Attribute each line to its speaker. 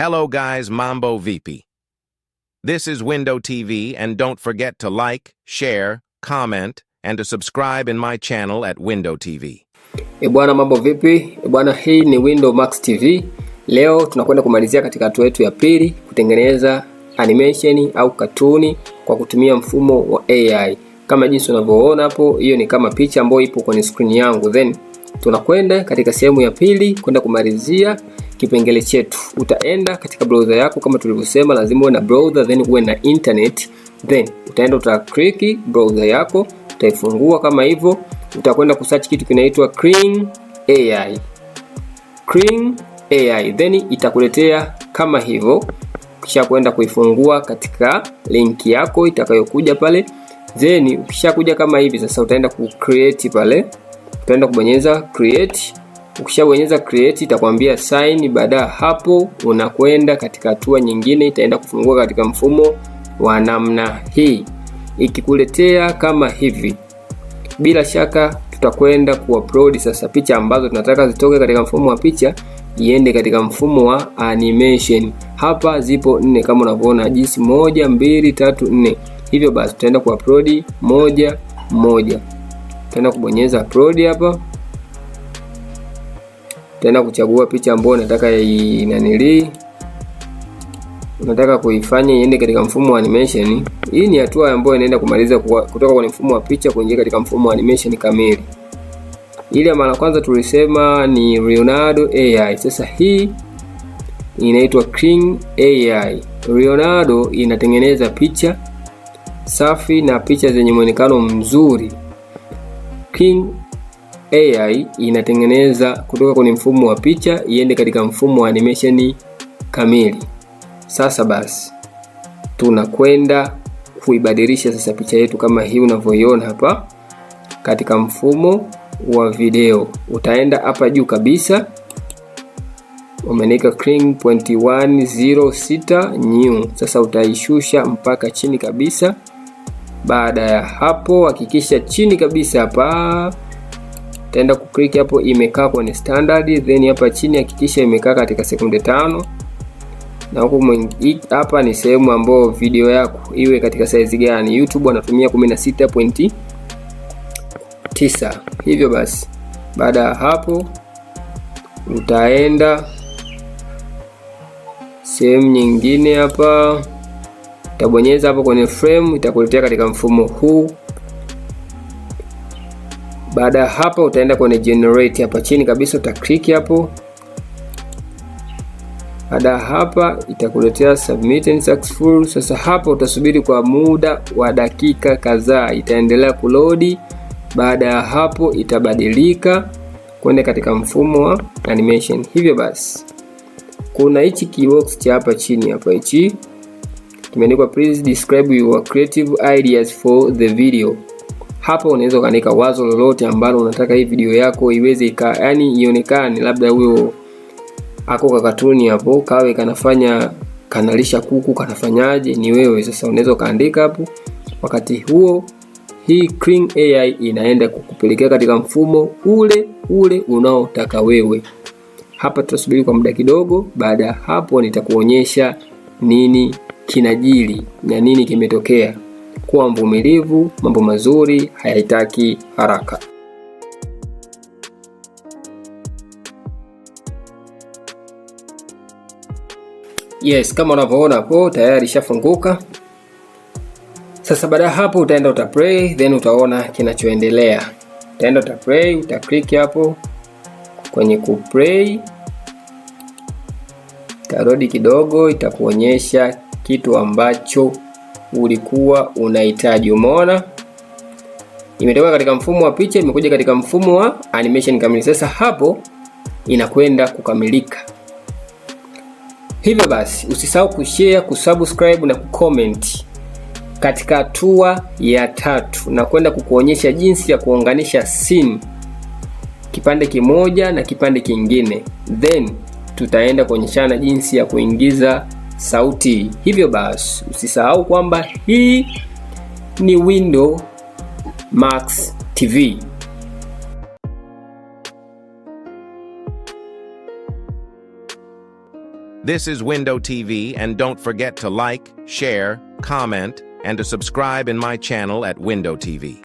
Speaker 1: Hello guys, Mambo Vipi. This is Window TV and don't forget to like, share, comment and to subscribe in my channel at Window TV.
Speaker 2: Ebwana, mambo vipi? E bwana hii ni Window Max TV. Leo tunakwenda kumalizia katika hatua yetu ya pili kutengeneza animation au katuni kwa kutumia mfumo wa AI. Kama jinsi unavyoona hapo, hiyo ni kama picha ambayo ipo kwenye skrini yangu then Tunakwenda katika sehemu ya pili kwenda kumalizia kipengele chetu. Utaenda katika browser yako kama tulivyosema, lazima uwe na browser, then uwe na internet, then utaenda click browser yako, utaifungua kama hivyo, utakwenda kusearch kitu kinaitwa Clean AI. Clean AI then itakuletea kama hivyo, kisha kwenda kuifungua katika link yako itakayokuja pale, then ukishakuja kama hivi sasa, utaenda create pale utaenda kubonyeza create. Ukishabonyeza create itakwambia sign. Baada ya hapo, unakwenda katika hatua nyingine, itaenda kufungua katika mfumo wa namna hii, ikikuletea kama hivi. Bila shaka tutakwenda kuupload sasa picha ambazo tunataka zitoke katika mfumo wa picha iende katika mfumo wa animation. Hapa zipo nne kama unavyoona, jinsi moja, mbili, tatu, nne. Hivyo basi tutaenda kuupload moja moja tena kubonyeza upload hapa, tena kuchagua picha ambayo unataka inanili, unataka kuifanya iende katika mfumo wa animation. Hii ni hatua ambayo inaenda kumaliza kutoka kwenye mfumo wa picha kuingia katika mfumo wa animation kamili. Ile mara kwanza tulisema ni Leonardo AI. Sasa hii inaitwa Kling AI. Leonardo inatengeneza picha safi na picha zenye mwonekano mzuri. King AI inatengeneza kutoka kwenye mfumo wa picha iende katika mfumo wa animation kamili. Sasa basi tunakwenda kuibadilisha sasa picha yetu kama hii unavyoiona hapa katika mfumo wa video. Utaenda hapa juu kabisa umeandika King 1.106 new. Sasa utaishusha mpaka chini kabisa. Baada ya hapo, hakikisha chini kabisa hapa taenda kuclick hapo, imekaa kwenye standard, then hapa chini hakikisha imekaa katika sekunde tano na huku hapa ni sehemu ambayo video yako iwe katika saizi gani. YouTube anatumia 16.9. Hivyo basi, baada ya hapo utaenda sehemu nyingine hapa utabonyeza hapo kwenye frame, itakuletea katika mfumo huu. Baada ya hapo, utaenda kwenye generate hapa chini kabisa, click hapo. Baada ya hapa, itakuletea and successful. Sasa hapo utasubiri kwa muda wa dakika kadhaa, itaendelea kulodi. Baada ya hapo, itabadilika kwenda katika mfumo wa animation. Hivyo basi, kuna hichi kibox cha hapa chini hapa hichi kimeandikwa please describe your creative ideas for the video. Hapo unaweza ukaandika wazo lolote ambalo unataka hii video yako iweze ika, yani ionekane, labda huyo ako kwa katuni hapo kawe kanafanya kanalisha kuku kanafanyaje, ni wewe sasa. Unaweza ukaandika hapo, wakati huo hii Kling AI inaenda kukupelekea katika mfumo ule ule unaotaka wewe. Hapa tutasubiri kwa muda kidogo, baada ya hapo nitakuonyesha nini kinajili na nini kimetokea. Kuwa mvumilivu, mambo mazuri hayahitaki haraka. Yes, kama unavyoona hapo tayari ishafunguka. Sasa baada ya hapo utaenda uta pray, then utaona kinachoendelea. Utaenda uta pray, uta click hapo kwenye ku pray, tarudi kidogo, itakuonyesha kitu ambacho ulikuwa unahitaji. Umeona, imetoka katika mfumo wa picha imekuja katika mfumo wa animation kamili. Sasa hapo inakwenda kukamilika. Hivyo basi usisahau kushare, kusubscribe na kucomment katika hatua ya tatu, na kwenda kukuonyesha jinsi ya kuunganisha scene kipande kimoja na kipande kingine, then tutaenda kuonyeshana jinsi ya kuingiza sauti. Hivyo basi usisahau kwamba hii ni Window Max TV.
Speaker 1: This is Window TV and don't forget to like, share, comment and to subscribe in my channel at Window TV.